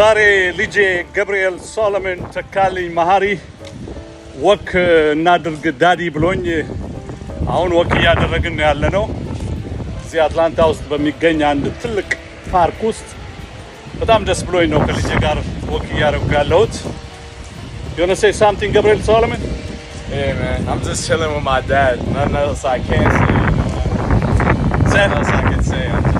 ዛሬ ልጄ ገብርኤል ሶሎሞን ተካልኝ መሀሪ ወክ እናድርግ ዳዲ ብሎኝ አሁን ወክ እያደረግን ነው ያለ ነው። እዚህ አትላንታ ውስጥ በሚገኝ አንድ ትልቅ ፓርክ ውስጥ በጣም ደስ ብሎኝ ነው ከልጄ ጋር ወክ እያደረጉ ያለሁት። የሆነ ሴ ሳምቲንግ ገብርኤል ሶሎሞን ም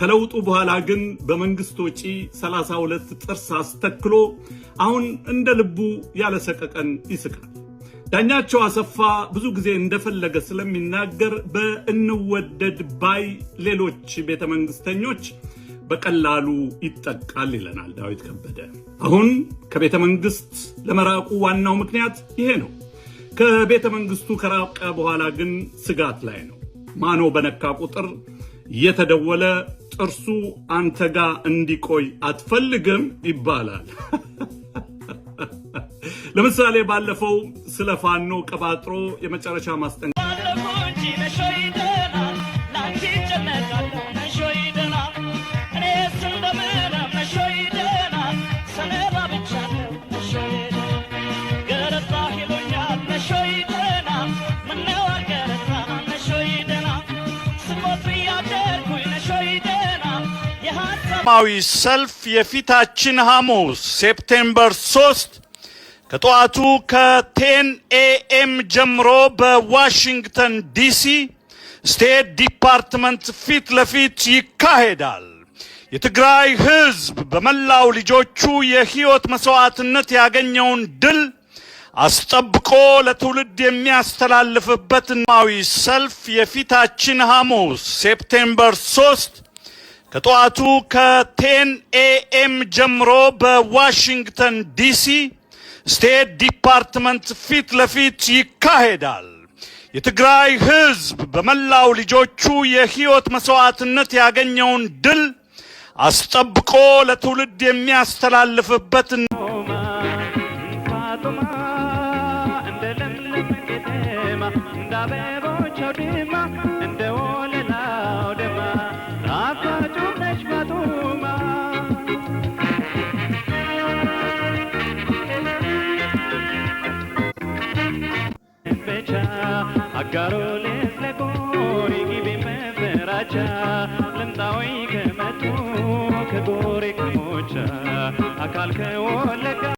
ከለውጡ በኋላ ግን በመንግስት ወጪ 32 ጥርስ አስተክሎ አሁን እንደ ልቡ ያለ ሰቀቀን ይስቃል። ዳኛቸው አሰፋ ብዙ ጊዜ እንደፈለገ ስለሚናገር በእንወደድ ባይ ሌሎች ቤተመንግስተኞች በቀላሉ ይጠቃል ይለናል ዳዊት ከበደ። አሁን ከቤተ መንግስት ለመራቁ ዋናው ምክንያት ይሄ ነው። ከቤተ መንግስቱ ከራቀ በኋላ ግን ስጋት ላይ ነው። ማኖ በነካ ቁጥር እየተደወለ ጥርሱ አንተ ጋ እንዲቆይ አትፈልግም ይባላል። ለምሳሌ ባለፈው ስለ ፋኖ ቀባጥሮ የመጨረሻ ማስጠንቀቂያ ሰላማዊ ሰልፍ የፊታችን ሐሙስ ሴፕቴምበር 3 ከጠዋቱ ከ10 ኤኤም ጀምሮ በዋሽንግተን ዲሲ ስቴት ዲፓርትመንት ፊት ለፊት ይካሄዳል። የትግራይ ሕዝብ በመላው ልጆቹ የሕይወት መስዋዕትነት ያገኘውን ድል አስጠብቆ ለትውልድ የሚያስተላልፍበትን ሰልፍ የፊታችን ሐሙስ ሴፕቴምበር 3 ከጠዋቱ ከቴን ኤኤም ጀምሮ በዋሽንግተን ዲሲ ስቴት ዲፓርትመንት ፊት ለፊት ይካሄዳል። የትግራይ ሕዝብ በመላው ልጆቹ የህይወት መስዋዕትነት ያገኘውን ድል አስጠብቆ ለትውልድ የሚያስተላልፍበት እንደ ለምለም እንደ አበቦች አውድማ አጋሮ ለስለቆ ሪጊቤ መፈራቻ ልምጣወይ ከመቱ ከጎሬ ከሞቻ አካል ከወለጋ